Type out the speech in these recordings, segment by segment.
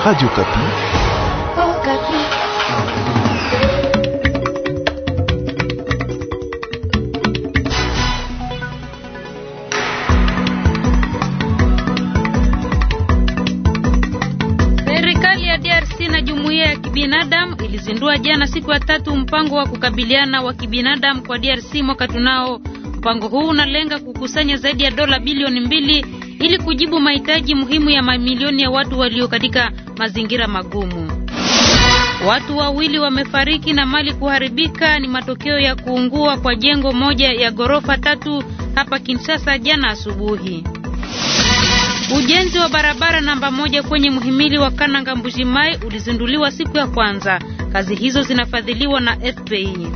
Radio Kapi. Oh, Kapi. Serikali ya DRC na jumuiya ya kibinadamu ilizindua jana siku ya tatu mpango wa kukabiliana wa kibinadamu kwa DRC mwaka tunao. Mpango huu unalenga kukusanya zaidi ya dola bilioni mbili ili kujibu mahitaji muhimu ya mamilioni ya watu walio katika mazingira magumu. Watu wawili wamefariki na mali kuharibika ni matokeo ya kuungua kwa jengo moja ya ghorofa tatu hapa Kinshasa jana asubuhi. Ujenzi wa barabara namba moja kwenye muhimili wa Kananga Mbujimai ulizinduliwa siku ya kwanza. Kazi hizo zinafadhiliwa na FPI.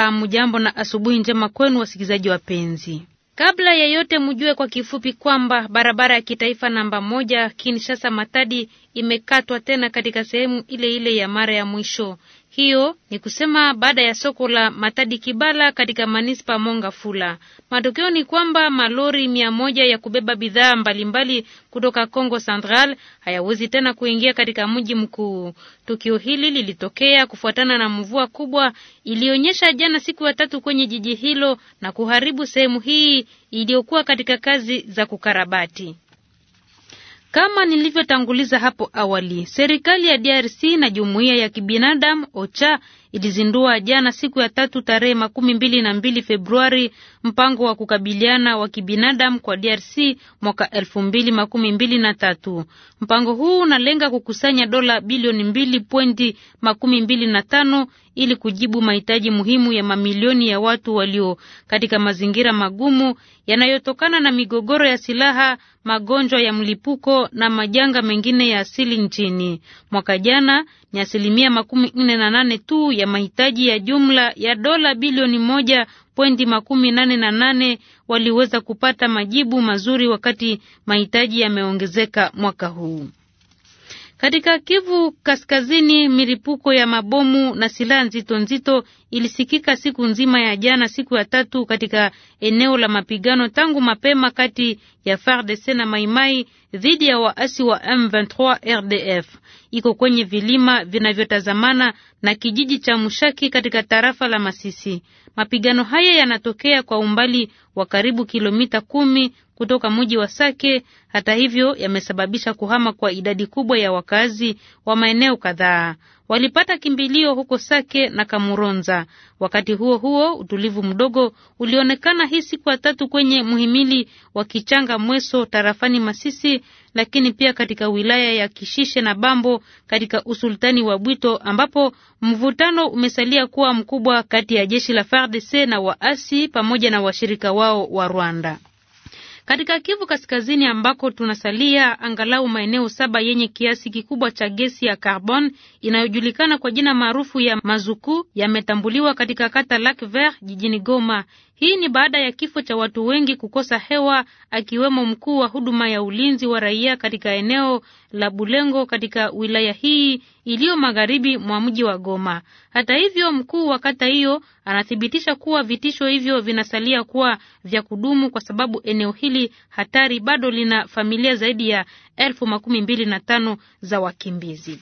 Hamujambo na asubuhi njema kwenu wasikilizaji wapenzi. Kabla ya yote, mjue kwa kifupi kwamba barabara ya kitaifa namba moja Kinshasa Matadi imekatwa tena katika sehemu ile ile ya mara ya mwisho. Hiyo ni kusema baada ya soko la Matadi Kibala katika manispa monga fula Matokeo ni kwamba malori mia moja ya kubeba bidhaa mbalimbali kutoka Congo Central hayawezi tena kuingia katika mji mkuu. Tukio hili lilitokea kufuatana na mvua kubwa ilionyesha jana siku ya tatu kwenye jiji hilo na kuharibu sehemu hii iliyokuwa katika kazi za kukarabati. Kama nilivyotanguliza hapo awali, serikali ya DRC na jumuiya ya kibinadamu OCHA ilizindua jana siku ya tatu tarehe makumi mbili na mbili Februari mpango wa kukabiliana wa kibinadamu kwa DRC mwaka elfu mbili makumi mbili na tatu. Mpango huu unalenga kukusanya dola bilioni mbili pwendi makumi mbili na tano ili kujibu mahitaji muhimu ya mamilioni ya watu walio katika mazingira magumu yanayotokana na migogoro ya silaha, magonjwa ya mlipuko na majanga mengine ya asili nchini. Mwaka jana ni asilimia makumi nne na nane tu ya mahitaji ya jumla ya dola bilioni moja pointi makumi nane na nane waliweza kupata majibu mazuri wakati mahitaji yameongezeka mwaka huu. Katika Kivu Kaskazini, milipuko ya mabomu na silaha nzito nzito ilisikika siku nzima ya jana, siku ya tatu, katika eneo la mapigano tangu mapema kati ya FARDC na Maimai dhidi ya waasi wa M23 RDF. Iko kwenye vilima vinavyotazamana na kijiji cha Mushaki katika tarafa la Masisi. Mapigano haya yanatokea kwa umbali wa karibu kilomita kumi kutoka mji wa Sake. Hata hivyo, yamesababisha kuhama kwa idadi kubwa ya wakazi wa maeneo kadhaa. Walipata kimbilio huko Sake na Kamuronza. Wakati huo huo, utulivu mdogo ulionekana hii siku ya tatu kwenye muhimili wa Kichanga Mweso tarafani Masisi, lakini pia katika wilaya ya Kishishe na Bambo katika usultani wa Bwito, ambapo mvutano umesalia kuwa mkubwa kati ya jeshi la FARDC na waasi pamoja na washirika wao wa Rwanda. Katika Kivu Kaskazini ambako tunasalia, angalau maeneo saba yenye kiasi kikubwa cha gesi ya carbon inayojulikana kwa jina maarufu ya mazuku yametambuliwa katika kata Lac Vert jijini Goma. Hii ni baada ya kifo cha watu wengi kukosa hewa, akiwemo mkuu wa huduma ya ulinzi wa raia katika eneo la Bulengo katika wilaya hii iliyo magharibi mwa mji wa Goma. Hata hivyo, mkuu wa kata hiyo anathibitisha kuwa vitisho hivyo vinasalia kuwa vya kudumu kwa sababu eneo hili hatari bado lina familia zaidi ya elfu makumi mbili na tano za wakimbizi.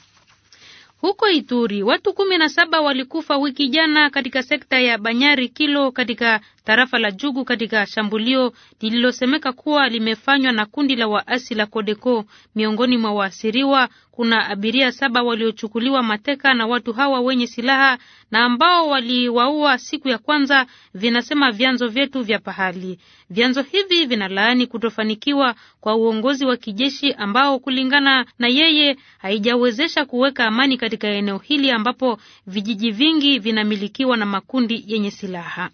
Huko Ituri watu kumi na saba walikufa wiki jana katika sekta ya Banyari Kilo katika tarafa la Jugu katika shambulio lililosemeka kuwa limefanywa na kundi la waasi la Kodeko. Miongoni mwa waasiriwa kuna abiria saba waliochukuliwa mateka na watu hawa wenye silaha na ambao waliwaua siku ya kwanza, vinasema vyanzo vyetu vya pahali. Vyanzo hivi vinalaani kutofanikiwa kwa uongozi wa kijeshi ambao kulingana na yeye haijawezesha kuweka amani katika eneo hili ambapo vijiji vingi vinamilikiwa na makundi yenye silaha.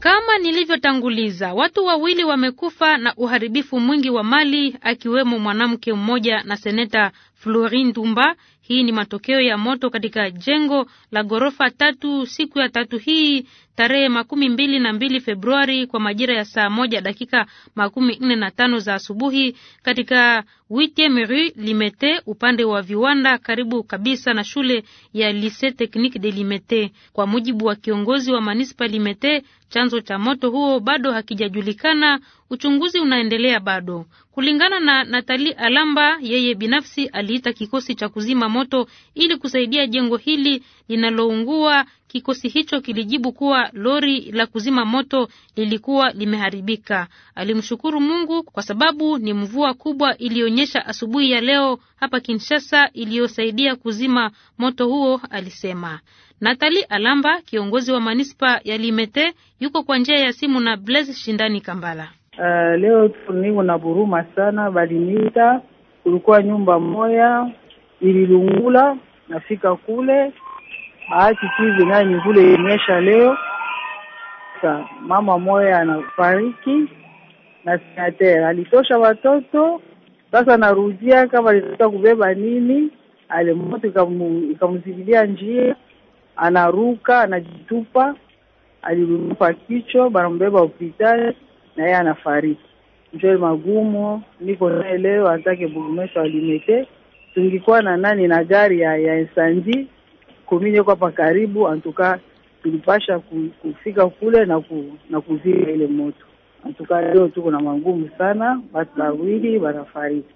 Kama nilivyotanguliza, watu wawili wamekufa na uharibifu mwingi wa mali, akiwemo mwanamke mmoja na seneta Flori Dumba. Hii ni matokeo ya moto katika jengo la ghorofa tatu siku ya tatu hii tarehe makumi mbili na mbili Februari kwa majira ya saa moja dakika makumi nne na tano za asubuhi katika Huitieme Rue Limete upande wa viwanda karibu kabisa na shule ya Lycee Technique de Limete. Kwa mujibu wa kiongozi wa manispa Limete, chanzo cha moto huo bado hakijajulikana uchunguzi unaendelea bado. Kulingana na Natali Alamba, yeye binafsi aliita kikosi cha kuzima moto ili kusaidia jengo hili linaloungua. Kikosi hicho kilijibu kuwa lori la kuzima moto lilikuwa limeharibika. Alimshukuru Mungu kwa sababu ni mvua kubwa iliyonyesha asubuhi ya leo hapa Kinshasa iliyosaidia kuzima moto huo, alisema. Natali Alamba, kiongozi wa manispa ya Limete, yuko kwa njia ya simu na Blaise Shindani Kambala. Uh, leo niko na buruma sana, baliniita kulikuwa nyumba moya ililungula, nafika kule aati tivi nani vule inyesha leo sa, mama moya anafariki na sinatera alitosha watoto sasa, narudia kama alitaka kubeba nini, alimoto ikamzigilia njia, anaruka anajitupa, alilunupa kichwa, banambeba hospitali na yeye anafariki. Joel magumu niko naye leo, atake burumesha walimete, tungikuwa na nani na gari ya, ya Esanji komini iko hapa karibu, antuka tulipasha kufika kule na, ku, na kuzima ile moto. Antuka leo tuko na magumu sana, watu wawili wanafariki.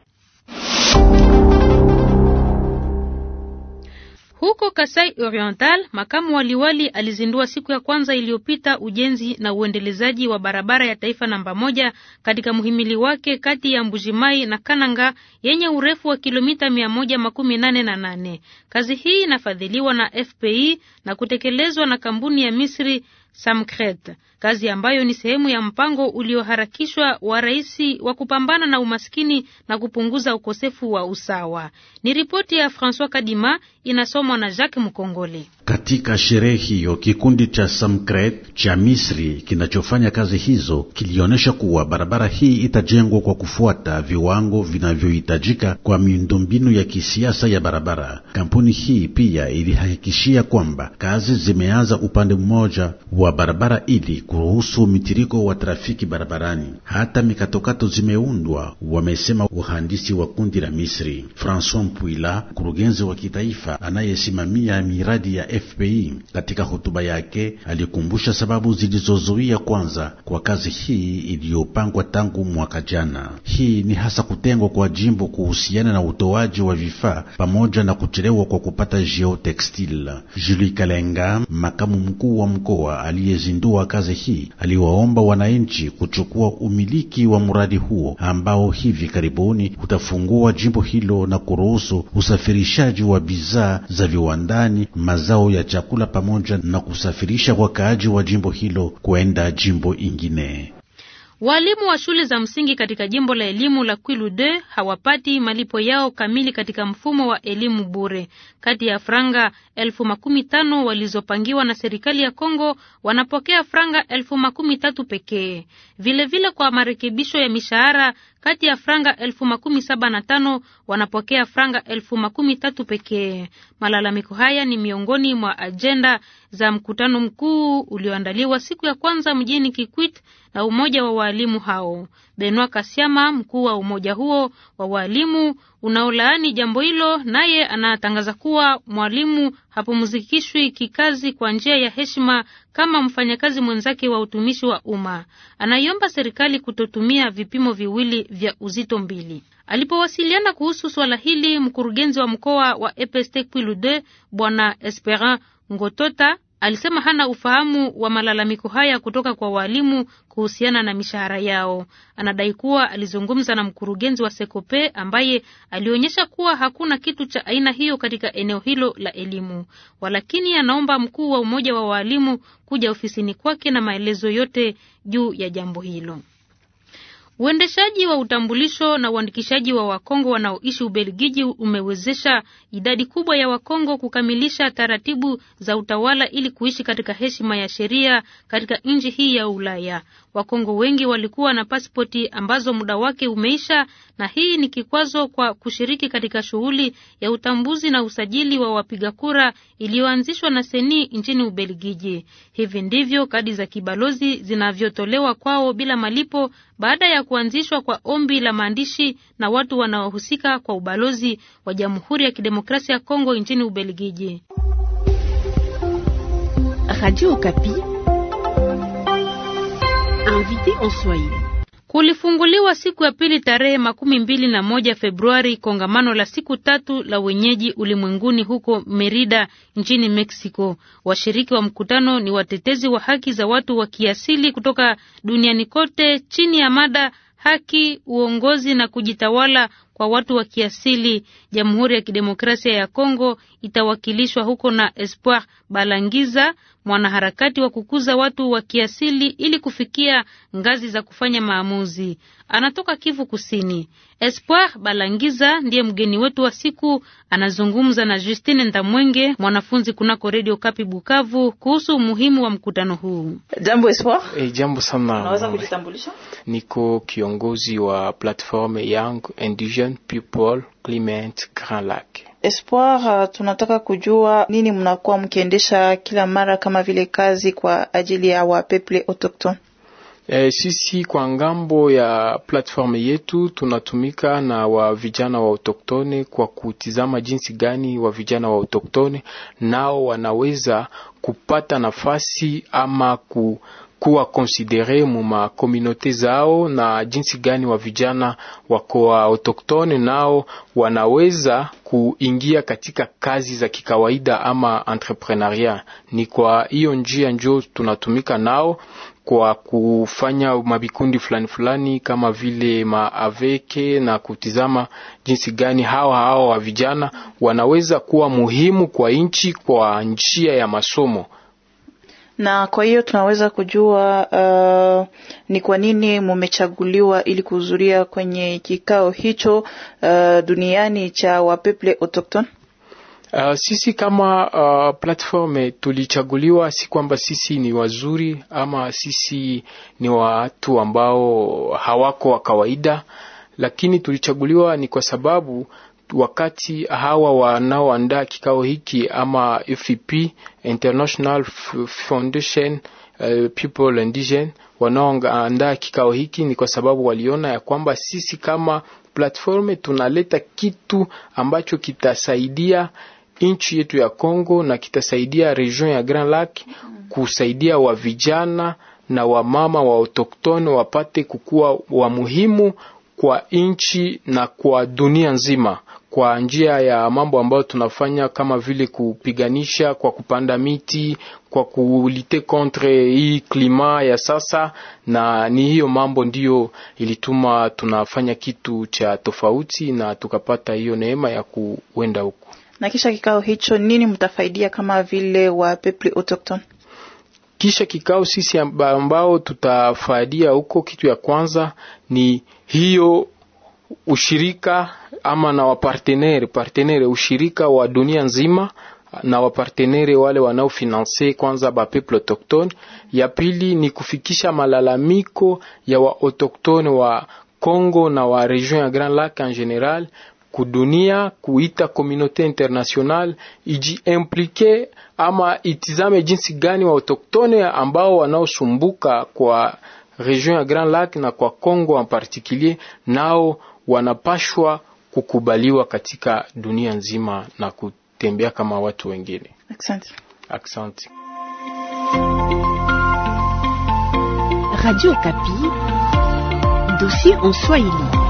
Huko Kasai Oriental, makamu waliwali alizindua siku ya kwanza iliyopita ujenzi na uendelezaji wa barabara ya taifa namba moja katika mhimili wake kati ya Mbujimai na Kananga yenye urefu wa kilomita mia moja makumi nane na nane. Kazi hii inafadhiliwa na FPI na kutekelezwa na kampuni ya Misri Samkret, kazi ambayo ni sehemu ya mpango ulioharakishwa wa rais wa kupambana na umaskini na kupunguza ukosefu wa usawa. Ni ripoti ya François Kadima inasomwa na Jacques Mkongole. Katika sherehe hiyo kikundi cha Samkret cha Misri kinachofanya kazi hizo kilionyesha kuwa barabara hii itajengwa kwa kufuata viwango vinavyohitajika kwa miundombinu ya kisiasa ya barabara. Kampuni hii pia ilihakikishia kwamba kazi zimeanza upande mmoja wa barabara ili kuruhusu mitiriko wa trafiki barabarani. Hata mikatokato zimeundwa, wamesema wahandisi wa kundi la Misri. Francois Mpuila, mkurugenzi wa kitaifa anayesimamia miradi ya FPI katika hotuba yake alikumbusha sababu zilizozuia kwanza kwa kazi hii iliyopangwa tangu mwaka jana. Hii ni hasa kutengwa kwa jimbo kuhusiana na utoaji wa vifaa pamoja na kuchelewa kwa kupata geotextile. Julie Kalenga, makamu mkuu wa mkoa aliyezindua kazi hii, aliwaomba wananchi kuchukua umiliki wa mradi huo ambao hivi karibuni utafungua jimbo hilo na kuruhusu usafirishaji wa bidhaa za viwandani, mazao mazao ya chakula pamoja na kusafirisha wakaaji wa jimbo hilo kwenda jimbo ingine. Walimu wa shule za msingi katika jimbo la elimu la Kwilu de hawapati malipo yao kamili katika mfumo wa elimu bure. Kati ya franga elfu makumi tano walizopangiwa na serikali ya Kongo wanapokea franga elfu makumi tatu pekee. Vilevile, kwa marekebisho ya mishahara kati ya franga elfu makumi saba na tano wanapokea franga elfu makumi tatu pekee. Malalamiko haya ni miongoni mwa ajenda za mkutano mkuu ulioandaliwa siku ya kwanza mjini Kikwit na umoja wa waalimu hao. Benoit Kasiama, mkuu wa umoja huo wa walimu unaolaani jambo hilo, naye anatangaza kuwa mwalimu hapumzikishwi kikazi kwa njia ya heshima kama mfanyakazi mwenzake wa utumishi wa umma. Anaiomba serikali kutotumia vipimo viwili vya uzito mbili. Alipowasiliana kuhusu swala hili, mkurugenzi wa mkoa wa EPST Kwilu 2 Bwana Esperan Ngotota Alisema hana ufahamu wa malalamiko haya kutoka kwa waalimu kuhusiana na mishahara yao. Anadai kuwa alizungumza na mkurugenzi wa Sekope ambaye alionyesha kuwa hakuna kitu cha aina hiyo katika eneo hilo la elimu. Walakini anaomba mkuu wa umoja wa waalimu kuja ofisini kwake na maelezo yote juu ya jambo hilo. Uendeshaji wa utambulisho na uandikishaji wa Wakongo wanaoishi Ubelgiji umewezesha idadi kubwa ya Wakongo kukamilisha taratibu za utawala ili kuishi katika heshima ya sheria katika nchi hii ya Ulaya. Wakongo wengi walikuwa na pasipoti ambazo muda wake umeisha, na hii ni kikwazo kwa kushiriki katika shughuli ya utambuzi na usajili wa wapiga kura iliyoanzishwa na Seni nchini Ubelgiji. Hivi ndivyo kadi za kibalozi zinavyotolewa kwao bila malipo baada ya kuanzishwa kwa ombi la maandishi na watu wanaohusika kwa ubalozi wa Jamhuri ya Kidemokrasia ya Kongo nchini Ubelgiji. Radio Kapi. Invité en Swahili. Kulifunguliwa siku ya pili tarehe makumi mbili na moja Februari kongamano la siku tatu la wenyeji ulimwenguni huko Merida nchini Mexico. Washiriki wa mkutano ni watetezi wa haki za watu wa kiasili kutoka duniani kote chini ya mada haki, uongozi na kujitawala kwa watu wa kiasili. Jamhuri ya Kidemokrasia ya Kongo itawakilishwa huko na Espoir Balangiza, mwanaharakati wa kukuza watu wa kiasili ili kufikia ngazi za kufanya maamuzi. Anatoka Kivu Kusini. Espoir Balangiza ndiye mgeni wetu wa siku, anazungumza na Justine Ndamwenge, mwanafunzi kunako redio Kapi Bukavu, kuhusu umuhimu wa mkutano huu. Jambo Espoir. E, jambo sana. Unaweza kujitambulisha? Niko kiongozi wa platform Young Indigenous People Clement Grand Espoir, uh, tunataka kujua nini mnakuwa mkiendesha kila mara kama vile kazi kwa ajili ya wapeple autochtone? E, eh, sisi kwa ngambo ya platforme yetu tunatumika na wa vijana wa autochtone kwa kutizama jinsi gani wa vijana wa autochtone nao wanaweza kupata nafasi ama ku kuwa konsidere mu makomunote zao na jinsi gani wa vijana wako autoktone nao wanaweza kuingia katika kazi za kikawaida ama entrepreneuria. Ni kwa hiyo njia njo tunatumika nao kwa kufanya mavikundi fulani fulani kama vile maaveke na kutizama jinsi gani hawa hawa wa vijana wanaweza kuwa muhimu kwa nchi kwa njia ya masomo na kwa hiyo tunaweza kujua uh, ni kwa nini mumechaguliwa ili kuhudhuria kwenye kikao hicho uh, duniani cha wapeple autochton Uh, sisi kama uh, platform tulichaguliwa si kwamba sisi ni wazuri ama sisi ni watu ambao hawako wa kawaida, lakini tulichaguliwa ni kwa sababu wakati hawa wanaoandaa kikao hiki ama fp International Foundation uh, People Indigene wanaoandaa kikao hiki ni kwa sababu waliona ya kwamba sisi kama platforme tunaleta kitu ambacho kitasaidia nchi yetu ya Kongo na kitasaidia region ya Grand Lac kusaidia wa vijana na wamama wa autoktone wapate kukuwa wa muhimu kwa nchi na kwa dunia nzima kwa njia ya mambo ambayo tunafanya kama vile kupiganisha kwa kupanda miti, kwa kulite contre hii klima ya sasa, na ni hiyo mambo ndiyo ilituma tunafanya kitu cha tofauti na tukapata hiyo neema ya kuenda huku. Na kisha kikao hicho, nini mtafaidia kama vile wa people autochtone? Kisha kikao sisi ambao tutafaidia huko, kitu ya kwanza ni hiyo ushirika ama na wapartenere partenere ushirika wa dunia nzima na wapartenere wale wanaofinanse kwanza bapeuple autochtone. Ya pili ni kufikisha malalamiko ya wa autochtone wa Congo na wa region ya Grand Lac en general kudunia, kuita communauté internationale ijiimplike ama itizame jinsi gani wa autochtone ambao wanaosumbuka kwa region ya Grand Lac na kwa Congo en particulier nao wanapashwa kukubaliwa katika dunia nzima na kutembea kama watu wengine. Asante. Radio Kapi, dossier en Swahili.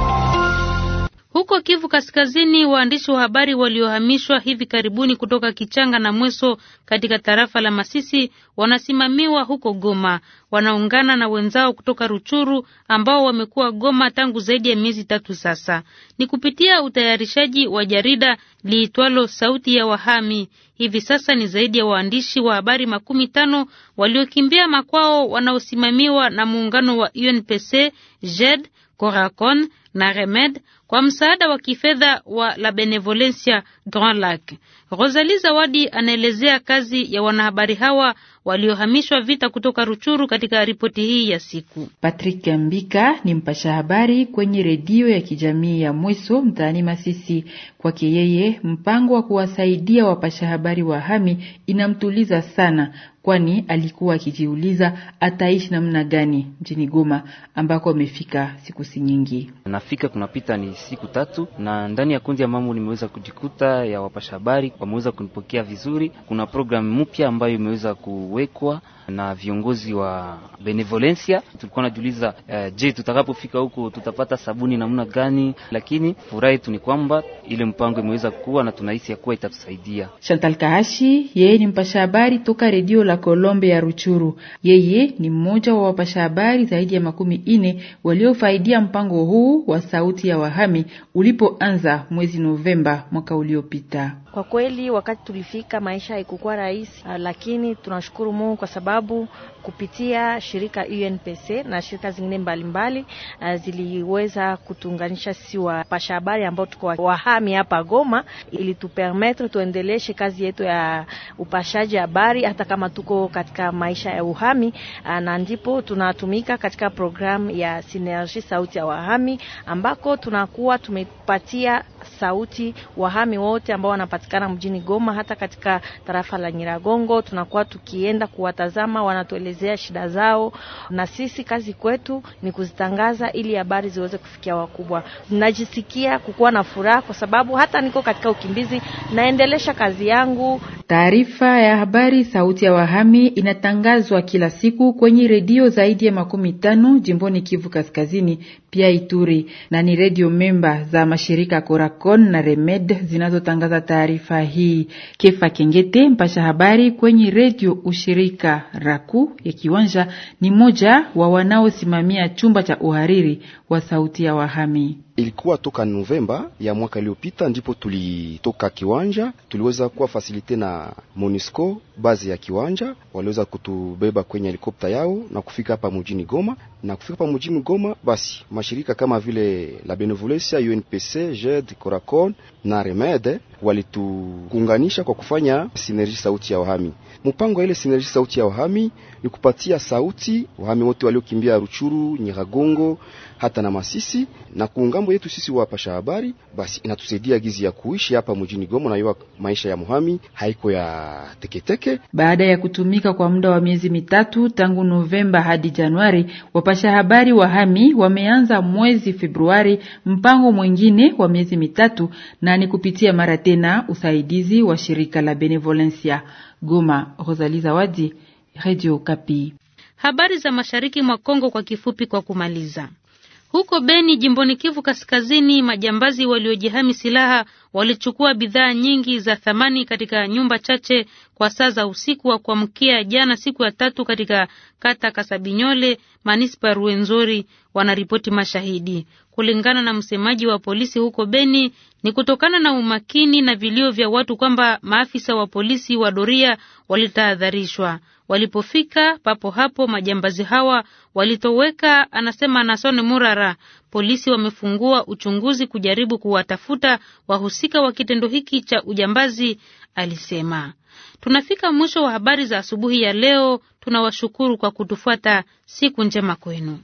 Huko Kivu Kaskazini, waandishi wa habari waliohamishwa hivi karibuni kutoka Kichanga na Mweso katika tarafa la Masisi wanasimamiwa huko Goma. Wanaungana na wenzao kutoka Ruchuru ambao wamekuwa Goma tangu zaidi ya miezi tatu sasa. Ni kupitia utayarishaji wa jarida liitwalo Sauti ya Wahami. Hivi sasa ni zaidi ya waandishi wa habari makumi tano waliokimbia makwao wanaosimamiwa na muungano wa UNPC, JED, Coracon na Remed kwa msaada wa kifedha wa La Benevolencia Grand Lac. Rosalie Zawadi anaelezea kazi ya wanahabari hawa waliohamishwa vita kutoka Ruchuru katika ripoti hii ya siku. Patrick Mbika ni mpasha habari kwenye redio ya kijamii ya Mweso mtaani Masisi. Kwake yeye, mpango wa kuwasaidia wapasha habari wa hami inamtuliza sana kwani alikuwa akijiuliza ataishi namna gani mjini Goma ambako amefika siku si nyingi. Nafika kunapita ni siku tatu, na ndani ya kundi ya mambo nimeweza kujikuta ya wapasha habari wameweza kunipokea vizuri. Kuna programu mpya ambayo imeweza kuwekwa na viongozi wa Benevolencia. Tulikuwa najiuliza uh, je, tutakapofika huko tutapata sabuni namna gani? Lakini furaha yetu ni kwamba ile mpango imeweza kuwa na tunahisi ya kuwa itatusaidia. Chantal Kahashi yeye ni mpasha habari toka redio la Kolombe ya Ruchuru. Yeye ni mmoja wa wapasha habari zaidi ya makumi ine waliofaidia mpango huu wa sauti ya wahami ulipoanza mwezi Novemba mwaka uliopita. Kwa kweli wakati tulifika maisha haikukuwa rahisi, lakini tunashukuru Mungu kwa sababu sababu kupitia shirika UNPC na shirika zingine mbalimbali mbali, eh, ziliweza kutuunganisha sisi wapasha habari ambao tuko wahami hapa Goma, ili tupermetre tuendeleshe kazi yetu ya upashaji habari hata kama tuko katika maisha ya uhami, eh, na ndipo tunatumika katika programu ya Sinergi sauti ya wahami, ambako tunakuwa tumepatia sauti wahami wote ambao wanapatikana mjini Goma, hata katika tarafa la Nyiragongo tunakuwa tukienda kuwatazama mahakama, wanatuelezea shida zao, na sisi kazi kwetu ni kuzitangaza ili habari ziweze kufikia wakubwa. Najisikia kukuwa na furaha kwa sababu hata niko katika ukimbizi, naendelesha kazi yangu. Taarifa ya habari Sauti ya Wahami inatangazwa kila siku kwenye redio zaidi ya makumi tano jimboni Kivu Kaskazini, pia Ituri, na ni redio memba za mashirika Coracon na Remed zinazotangaza taarifa hii. Kefa Kengete, mpasha habari kwenye redio ushirika Raku ya Kiwanja ni mmoja wa wanaosimamia chumba cha uhariri wa Sauti ya Wahami ilikuwa toka Novemba ya mwaka iliyopita, ndipo tulitoka kiwanja, tuliweza kuwa fasilite na Monisco bazi ya kiwanja, waliweza kutubeba kwenye helikopta yao na kufika hapa mjini Goma. Na kufika hapa mjini Goma, basi mashirika kama vile la Benevolencia, UNPC, JED, Coracon na Remede walituunganisha kwa kufanya sinerji sauti ya wahami. Mpango wa ile sinerji sauti ya wahami ni kupatia sauti wahami wote waliokimbia Ruchuru, Nyiragongo hata na Masisi na kuungama ngambo yetu sisi wapasha habari, basi inatusaidia gizi ya kuishi hapa mjini Goma, naiwa maisha ya muhami haiko ya teketeke. Baada ya kutumika kwa muda wa miezi mitatu tangu Novemba hadi Januari, wapasha habari wahami wameanza mwezi Februari mpango mwingine wa miezi mitatu, na ni kupitia mara tena usaidizi wa shirika la Benevolencia Goma. Rosalie Zawadi, Radio Kapi. Habari za mashariki mwa Kongo kwa kifupi, kwa kumaliza huko Beni, jimboni Kivu Kaskazini, majambazi waliojihami silaha walichukua bidhaa nyingi za thamani katika nyumba chache kwa saa za usiku wa kuamkia jana, siku ya tatu, katika kata Kasabinyole, manispa Ruenzori, wanaripoti mashahidi kulingana na msemaji wa polisi huko Beni, ni kutokana na umakini na vilio vya watu kwamba maafisa wa polisi wa doria walitahadharishwa. Walipofika papo hapo majambazi hawa walitoweka, anasema Nason Murara. Polisi wamefungua uchunguzi kujaribu kuwatafuta wahusika wa kitendo hiki cha ujambazi, alisema. Tunafika mwisho wa habari za asubuhi ya leo. Tunawashukuru kwa kutufuata. Siku njema kwenu.